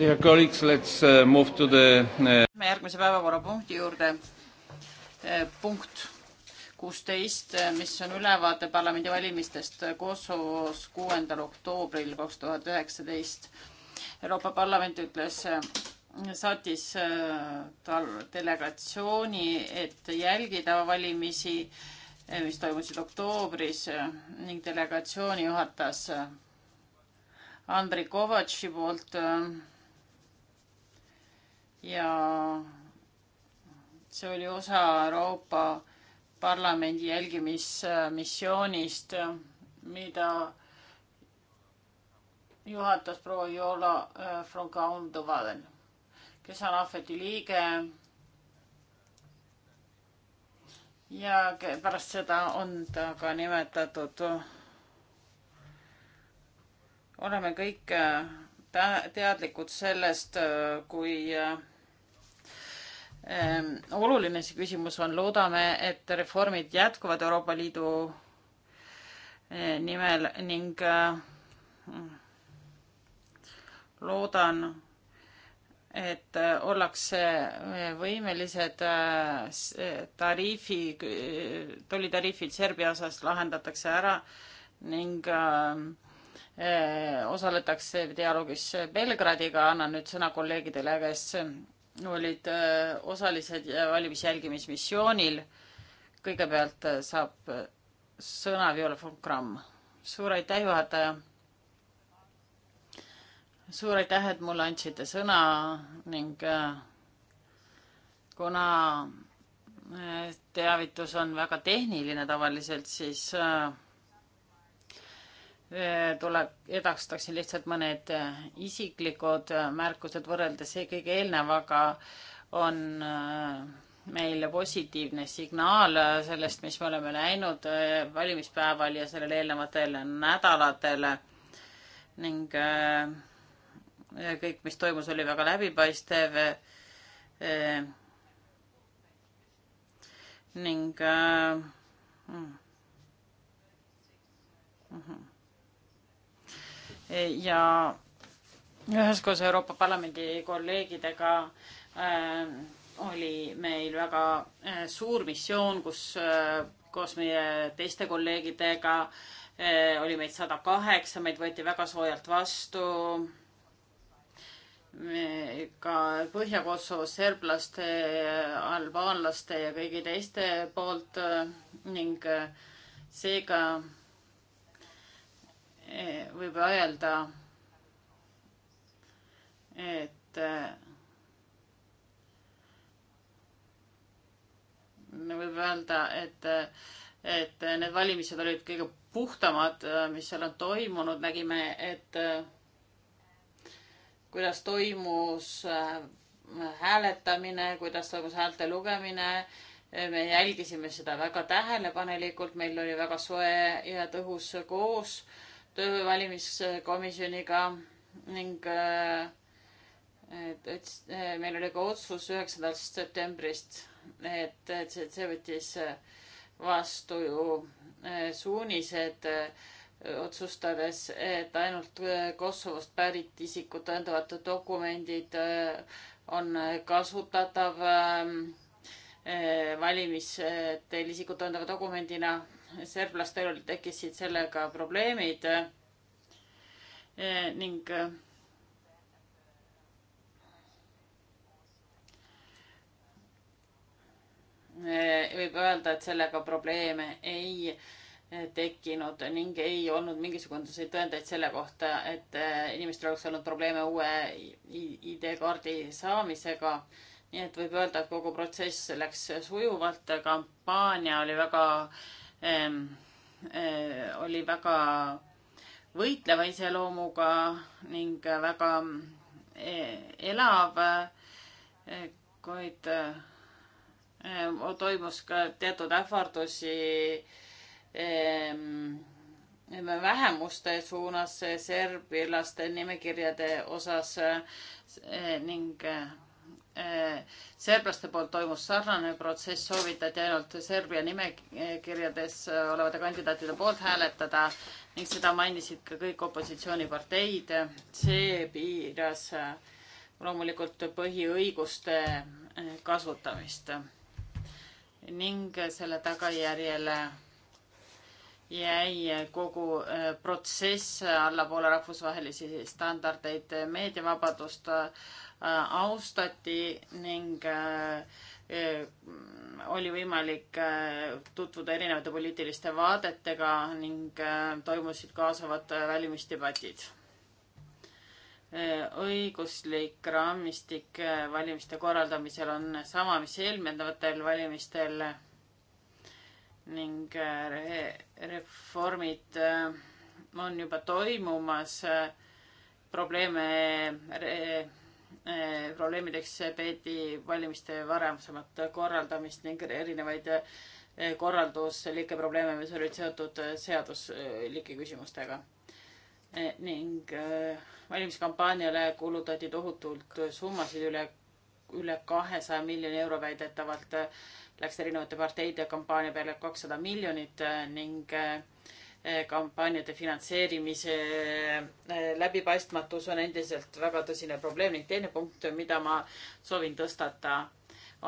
Dear colleagues, let's uh, move to the uh, me järgmise päevakorrapunkti juurde. Äh, punkt kuusteist, äh, mis on ülevaade parlamendivalimistest Kosovos kuuendal oktoobril kaks tuhat üheksateist. Euroopa Parlament ütles, äh, saatis tal delegatsiooni, et jälgida valimisi, mis toimusid oktoobris ning delegatsiooni juhatas Andrei Kovatši poolt ja see oli osa Euroopa Parlamendi jälgimismissioonist, mida juhatas proua Jola Frogaundovaden, äh, kes on ahveti liige. ja pärast seda on ta ka nimetatud. oleme kõik äh, teadlikud sellest, äh, kui Ehm, oluline see küsimus on, loodame, et reformid jätkuvad Euroopa Liidu eh, nimel ning eh, loodan, et eh, ollakse võimelised tariifi, tollitariifid Serbia osas lahendatakse ära ning osaletakse dialoogis Belgradiga, annan nüüd sõna kolleegidele, kes olid äh, osalised äh, valimisjälgimismissioonil. kõigepealt äh, saab sõna Viola von Kramm. suur aitäh, juhataja. suur aitäh, et mulle andsite sõna ning kuna teavitus on väga tehniline tavaliselt, siis äh, Äh, tule, edastaksin lihtsalt mõned äh, isiklikud äh, märkused võrreldes kõige eelnevaga on meil positiivne signaal sellest, mis me oleme näinud valimispäeval ja sellel eelnevatel nädalatel ning kõik, mis toimus, oli väga läbipaistev ning äh, mm -hmm ja üheskoos Euroopa Parlamendi kolleegidega äh, oli meil väga äh, suur missioon, kus äh, koos meie teiste kolleegidega äh, oli meid sada kaheksa, meid võeti väga soojalt vastu. ka Põhja-Kosovo serblaste, albaanlaste ja kõigi teiste poolt äh, ning äh, seega Eh, võib öelda, et eh, võib öelda, et, et need valimised olid kõige puhtamad, eh, mis seal on toimunud, nägime, et kuidas toimus hääletamine, kuidas toimus häälte lugemine. me jälgisime seda väga tähelepanelikult, meil oli väga soe ja tõhus koos äh, töö valimiskomisjoniga ning äh, et, et äh, meil oli ka otsus üheksandast septembrist, et, et see, see võttis äh, vastu ju suunised otsustades, et ainult Kosovost pärit isikut tõendavad dokumendid on kasutatav ähm, Eh, valimistel eh, isikut tõendava dokumendina. serblastel tekkisid sellega probleemid eh, ning võib öelda, et sellega probleeme ei tekkinud ning ei olnud mingisuguseid tõendeid selle kohta, et inimestel oleks olnud probleeme uue ID-kaardi saamisega nii et võib öelda, et kogu protsess läks sujuvalt, kampaania oli väga ähm,, äh, oli väga võitleva iseloomuga ning väga äh, elav äh,, kuid äh, toimus ka teatud ähvardusi ehm, vähemuste suunas serbilaste nimekirjade osas ning serblaste poolt toimus sarnane protsess, soovitati ainult Serbia nimekirjades olevate kandidaatide poolt hääletada ning seda mainisid ka kõik opositsiooniparteid. see piiras loomulikult põhiõiguste kasutamist ning selle tagajärjel jäi kogu äh, protsess allapoole rahvusvahelisi standardeid, meediavabadust äh, austati ning äh, oli võimalik tutvuda erinevate poliitiliste vaadetega ning toimusid kaasavad valimisdebatid. õiguslik raamistik valimiste korraldamisel on sama, mis eelnevatel valimistel ning äh, reformid äh, on juba toimumas. Äh, probleeme, probleemideks peeti valimiste varasemat korraldamist ning erinevaid korralduslikke probleeme, mis olid seotud seaduslike küsimustega. ning valimiskampaaniale kulutati tohutult summasid üle, üle kahesaja miljoni euro väidetavalt läks erinevate parteide kampaania peale kakssada miljonit äh, ning äh, äh, kampaaniate finantseerimise läbipaistmatus on endiselt väga tõsine probleem ning teine punkt, mida ma soovin tõstata,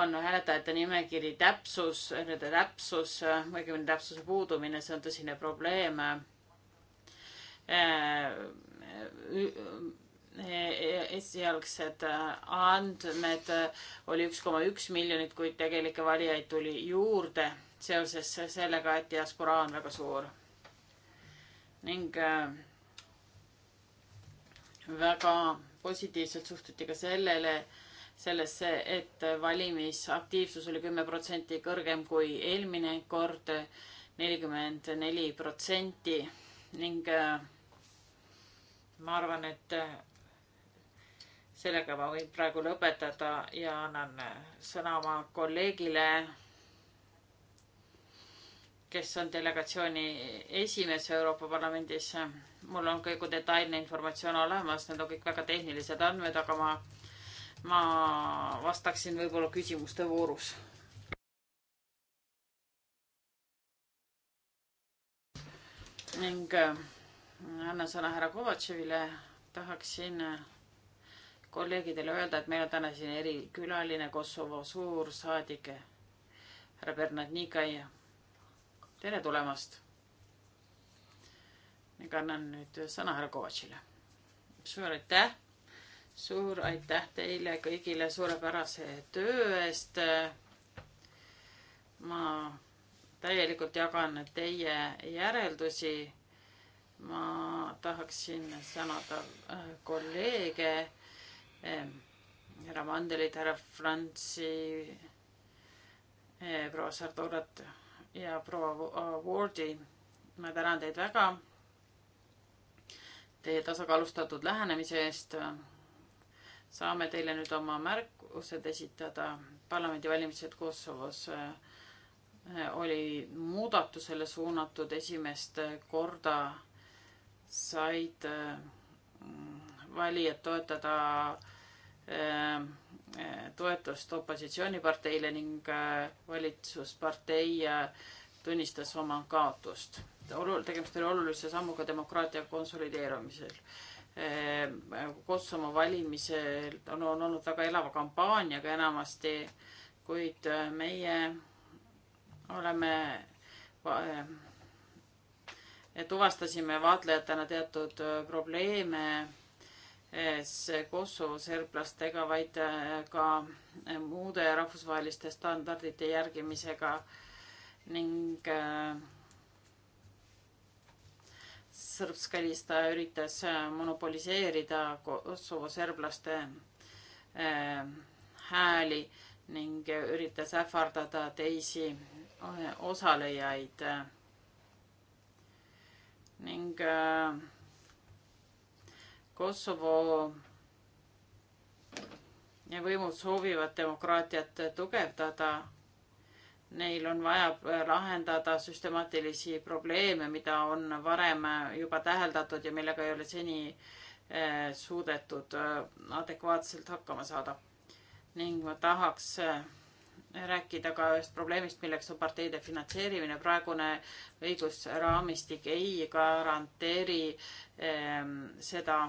on hääletajate nimekiri täpsus, nende täpsus, õigemini täpsuse puudumine, see on tõsine probleem esialgsed äh, andmed äh, oli üks koma üks miljonit, kuid tegelikke valijaid tuli juurde seoses sellega, et diasporaa on väga suur. ning äh, väga positiivselt suhtuti ka sellele, sellesse, et valimisaktiivsus oli kümme protsenti kõrgem kui eelmine kord, nelikümmend neli protsenti ning ma arvan, et sellega ma võin praegu lõpetada ja annan sõna oma kolleegile, kes on delegatsiooni esimees Euroopa Parlamendis. mul on kõik detailne informatsioon olemas, need on kõik väga tehnilised andmed, aga ma, ma vastaksin võib-olla küsimuste voorus. ning äh, annan sõna härra Kovatševile, tahaksin äh, kolleegidele öelda, et meil on täna siin erikülaline Kosovo suursaadik härra Bernard Niikai. tere tulemast. ning annan nüüd sõna härra Kovatšile. suur aitäh, suur aitäh teile kõigile suurepärase töö eest. ma täielikult jagan teie järeldusi ma tahaksin tänada kolleege Eh, härra Mandelit, härra Franzi, eh, proua Sardorat ja proua äh, Wardi. ma tänan teid väga teie tasakaalustatud lähenemise eest. saame teile nüüd oma märkused esitada. parlamendivalimised Kosovos eh, oli muudatusele suunatud esimest korda said valijad toetada Ähm, äh, toetust opositsiooniparteile ning äh, valitsuspartei äh, tunnistas oma kaotust. olu-, tegemist oli olulise sammuga demokraatia konsolideerumisel. Ähm, Kosovo valimisel on, on olnud väga elava kampaaniaga enamasti, kuid meie oleme tuvastasime vaatlejatena teatud probleeme Kosovo serblastega, vaid äh, ka äh, muude rahvusvaheliste standardite järgimisega ning äh, Srpskalista üritas monopoliseerida Kosovo serblaste hääli ning üritas ähvardada teisi osalejaid ning äh, Kosovo võimud soovivad demokraatiat tugevdada. Neil on vaja äh, lahendada süstemaatilisi probleeme, mida on varem äh, juba täheldatud ja millega ei ole seni äh, suudetud adekvaatselt hakkama saada. ning ma tahaks rääkida ka ühest probleemist, milleks on parteide finantseerimine. praegune õigusraamistik ei garanteeri ähm, seda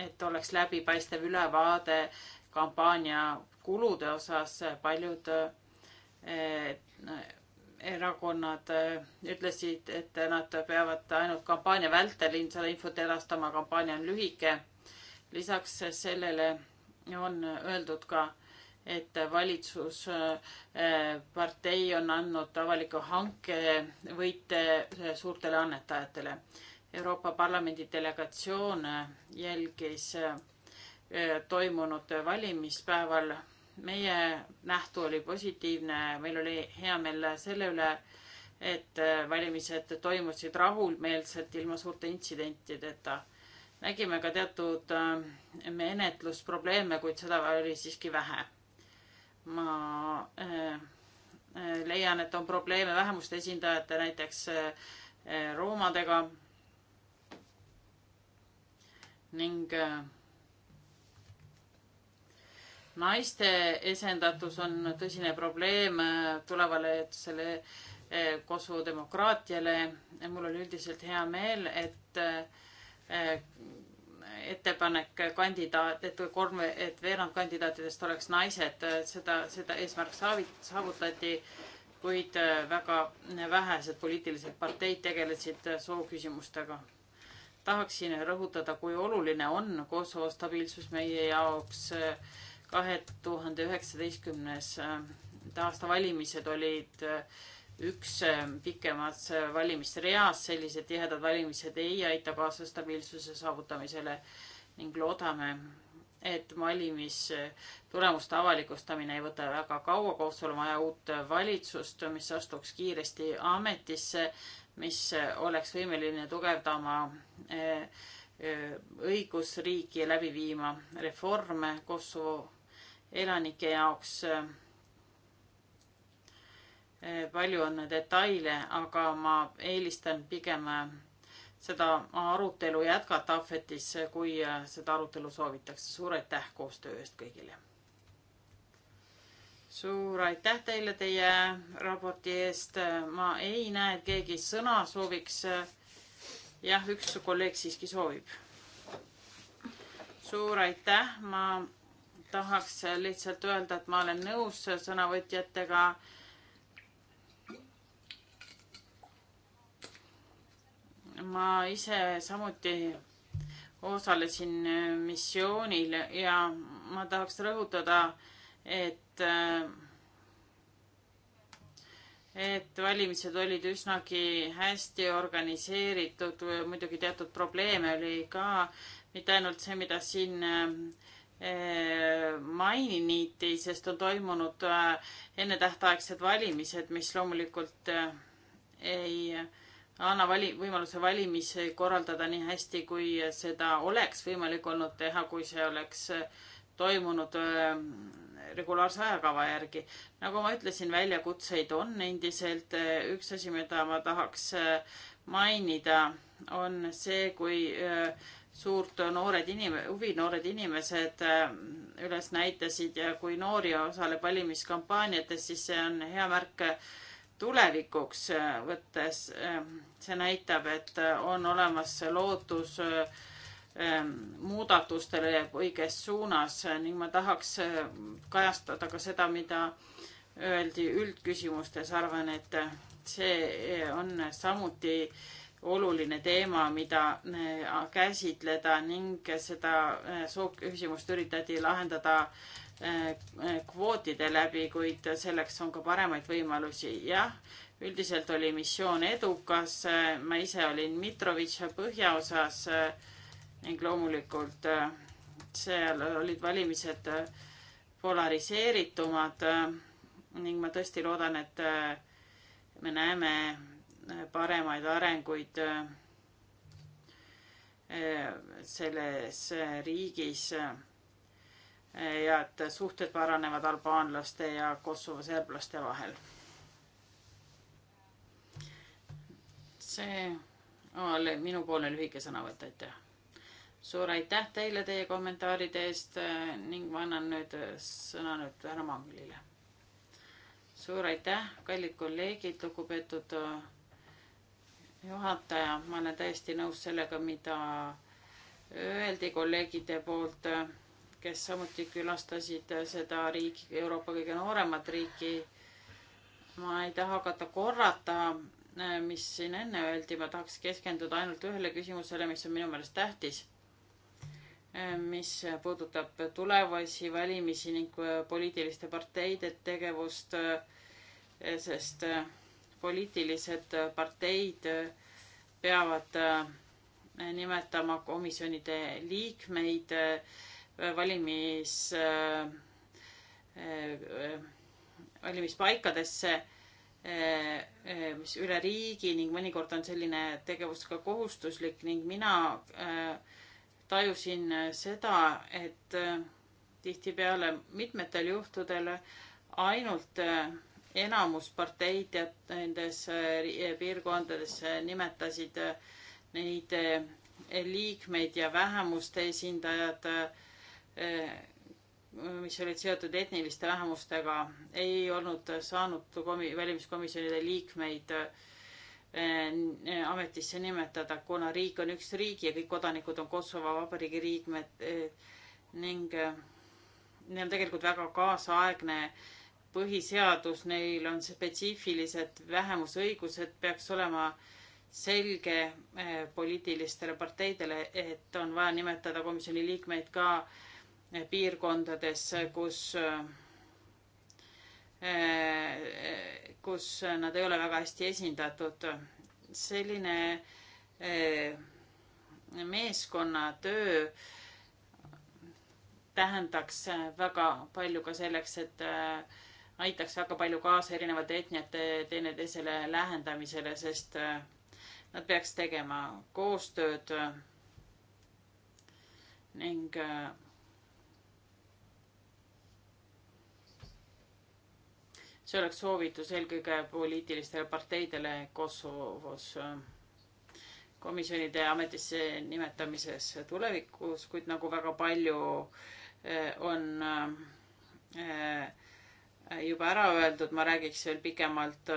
et oleks läbipaistev ülevaade kampaania kulude osas. paljud eh, erakonnad eh, ütlesid, et nad peavad ainult kampaania vältel seda infot edastama, kampaania on lühike. lisaks sellele on öeldud ka, et valitsuspartei eh, on andnud avaliku hanke võite suurtele annetajatele Euroopa Parlamendi delegatsioon jälgis äh, toimunud valimispäeval. meie nähtu oli positiivne, meil oli hea meel selle üle, et äh, valimised toimusid rahulmeelselt, ilma suurte intsidentideta. nägime ka teatud äh, menetlusprobleeme, kuid seda oli siiski vähe. ma leian, et on probleeme vähemuste esindajate, näiteks roomadega ning äh, naiste esindatus on tõsine probleem äh, tulevale selle äh, Kosovo demokraatiale. mul oli üldiselt hea meel, et ettepanek kandidaat, et kolm, et veerand kandidaatidest oleks naised, seda, seda eesmärk saavutati, kuid väga vähesed poliitilised parteid tegelesid sooküsimustega tahaksin rõhutada, kui oluline on Kosovo stabiilsus meie jaoks. kahe tuhande üheksateistkümnes äh, aasta valimised olid äh, üks äh, pikemas valimisreas, sellised tihedad valimised ei aita kaasa stabiilsuse saavutamisele ning loodame, et valimistulemuste avalikustamine ei võta väga kaua, koos on vaja uut valitsust, mis astuks kiiresti ametisse mis eh, oleks võimeline tugevdama eh, eh, õigusriiki ja läbi viima reforme Kosovo elanike jaoks. palju on detaile, aga ma eelistan pigem seda arutelu jätkata ahvetis, kui seda arutelu soovitakse. suur aitäh koostöö eest kõigile! suur aitäh teile teie raporti eest. ma ei näe, et keegi sõna sooviks. jah, üks kolleeg siiski soovib. suur aitäh, ma tahaks lihtsalt öelda, et ma olen nõus sõnavõtjatega. ma ise samuti osalesin missioonil ja ma tahaks rõhutada et, äh, et valimised olid üsnagi hästi organiseeritud, muidugi teatud probleeme oli ka, mitte ainult see, mida siin äh, mainiti, sest on toimunud äh, ennetähtaegsed valimised, mis loomulikult ei anna vali-, võimaluse valimisi korraldada nii hästi, kui seda oleks võimalik olnud teha, kui see oleks toimunud regulaarse ajakava järgi. nagu ma ütlesin, väljakutseid on endiselt. üks asi, mida ma tahaks äh, mainida, on see, kui äh, suurt noored inim-, huvi noored inimesed äh, üles näitasid ja kui noori osaleb valimiskampaaniates, siis see on hea märk tulevikuks võttes. see näitab, et on olemas lootus Ähm, muudatustele õiges suunas ning ma tahaks äh, kajastada ka seda, mida öeldi üldküsimustes, arvan, et see äh, on samuti oluline teema, mida äh, käsitleda ning seda sooküsimust üritati lahendada kvootide läbi, kuid selleks on ka paremaid võimalusi. jah, üldiselt oli missioon edukas, ma ise olin Mitrovitša põhjaosas äh, ning loomulikult äh, seal olid valimised äh, polariseeritumad äh, ning ma tõesti loodan, et me näeme paremaid arenguid selles riigis ja et suhted paranevad albaanlaste ja Kosovo serblaste vahel. see oli minupoolne lühike sõnavõtt, aitäh suur aitäh teile teie kommentaaride eest äh, ning ma annan nüüd äh, sõna nüüd härra Manglile. suur aitäh, kallid kolleegid, lugupeetud äh, juhataja, ma olen täiesti nõus sellega, mida öeldi kolleegide poolt, kes samuti külastasid seda riiki, Euroopa kõige nooremat riiki. ma ei taha hakata korrata mis siin enne öeldi, ma tahaks keskenduda ainult ühele küsimusele, mis on minu meelest tähtis mis puudutab tulevasi valimisi ning poliitiliste parteide tegevust, sest poliitilised parteid peavad nimetama komisjonide liikmeid valimis, valimispaikadesse mis üle riigi ning mõnikord on selline tegevus ka kohustuslik ning mina äh, tajusin äh, seda, et äh, tihtipeale mitmetel juhtudel ainult äh, enamusparteid nendes piirkondades nimetasid neid liikmeid ja vähemuste esindajad, mis olid seotud etniliste vähemustega, ei olnud saanud komi-, valimiskomisjonide liikmeid äh, Eh, ametisse nimetada, kuna riik on üks riik ja kõik kodanikud on Kosovo Vabariigi liikmed eh, ning eh, neil on tegelikult väga kaasaegne põhiseadus, neil on spetsiifilised vähemusõigused, peaks olema selge poliitilistele parteidele, et on vaja nimetada komisjoni liikmeid ka piirkondades, kus Eh, eh, kus nad ei ole väga hästi esindatud. selline eh, meeskonnatöö tähendaks väga palju ka selleks, et aitaks väga palju kaasa erinevate etniate teineteisele lähendamisele, sest nad peaks tegema koostööd ning see oleks soovitus eelkõige poliitilistele parteidele Kosovos äh, komisjonide ametisse nimetamises tulevikus, kuid nagu väga palju äh, on äh, juba ära öeldud, ma räägiks veel pikemalt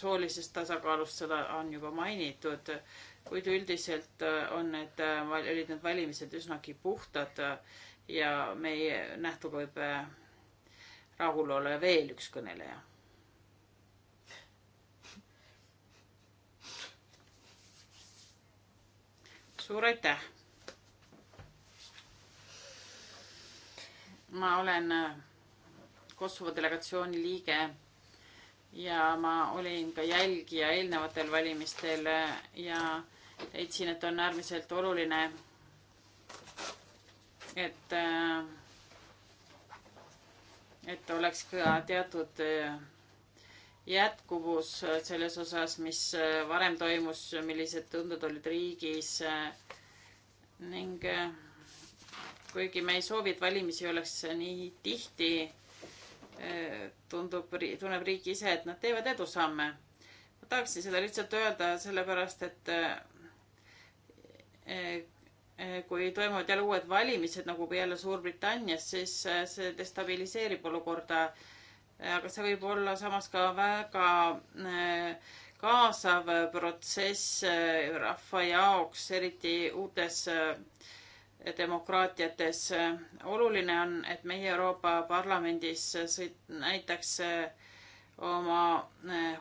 soolisest tasakaalust, seda on juba mainitud, kuid üldiselt on need, olid need valimised üsnagi puhtad ja meie nähtuga võib rahulolev veel üks kõneleja. suur aitäh. ma olen äh, Kosovo delegatsiooni liige ja ma olin ka jälgija eelnevatel valimistel äh, ja leidsin, et on äärmiselt oluline, et äh, et oleks ka teatud eh, jätkuvus eh, selles osas, mis eh, varem toimus, millised tunded olid riigis ning kuigi me ei soovi, et valimisi oleks nii tihti, tundub, tunneb riik ise, et nad teevad edusamme. ma tahaksin seda lihtsalt öelda sellepärast, et Eh, kui toimuvad jälle uued valimised, nagu jälle Suurbritannias, siis eh, see destabiliseerib olukorda. Eh, aga see võib olla samas ka väga kaasav protsess rahva jaoks, eriti uutes demokraatiates. oluline on, et meie Euroopa Parlamendis näitaks oma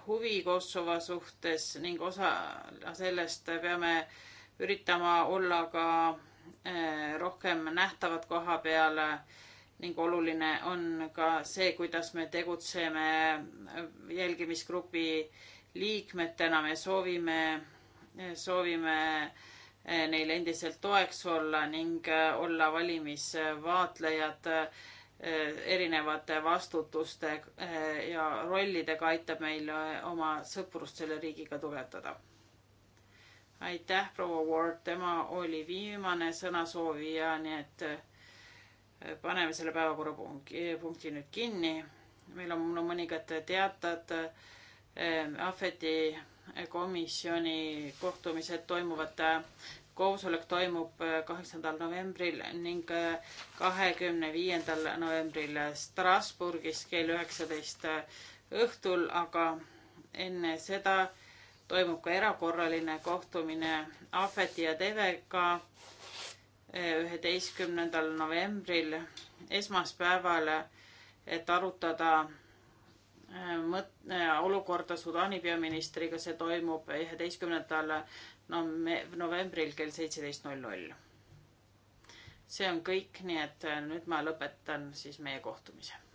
huvi Kosovo suhtes ning osa sellest peame äh, üritama olla ka eh, rohkem nähtavad koha peal ning oluline on ka see, kuidas me tegutseme jälgimisgrupi liikmetena, me soovime, eh, soovime eh, neile endiselt toeks olla ning olla valimisvaatlejad erinevate vastutuste ja rollidega aitab meil oma sõprust selle riigiga tugevdada aitäh, proua Ward, tema oli viimane sõnasoovija, nii et äh, paneme selle päevakorrapunkti äh, nüüd kinni. meil on no, mõningad teated äh, Ahveti komisjoni kohtumised toimuvad, koosolek toimub kaheksandal novembril ning kahekümne viiendal novembril Strasbourgis kell üheksateist õhtul, aga enne seda toimub ka erakorraline kohtumine Ahveti ja Devega eh, üheteistkümnendal novembril, esmaspäeval, et arutada eh, mõt-, eh, olukorda Sudaani peaministriga, see toimub üheteistkümnendal novembril kell seitseteist null null. see on kõik, nii et nüüd ma lõpetan siis meie kohtumise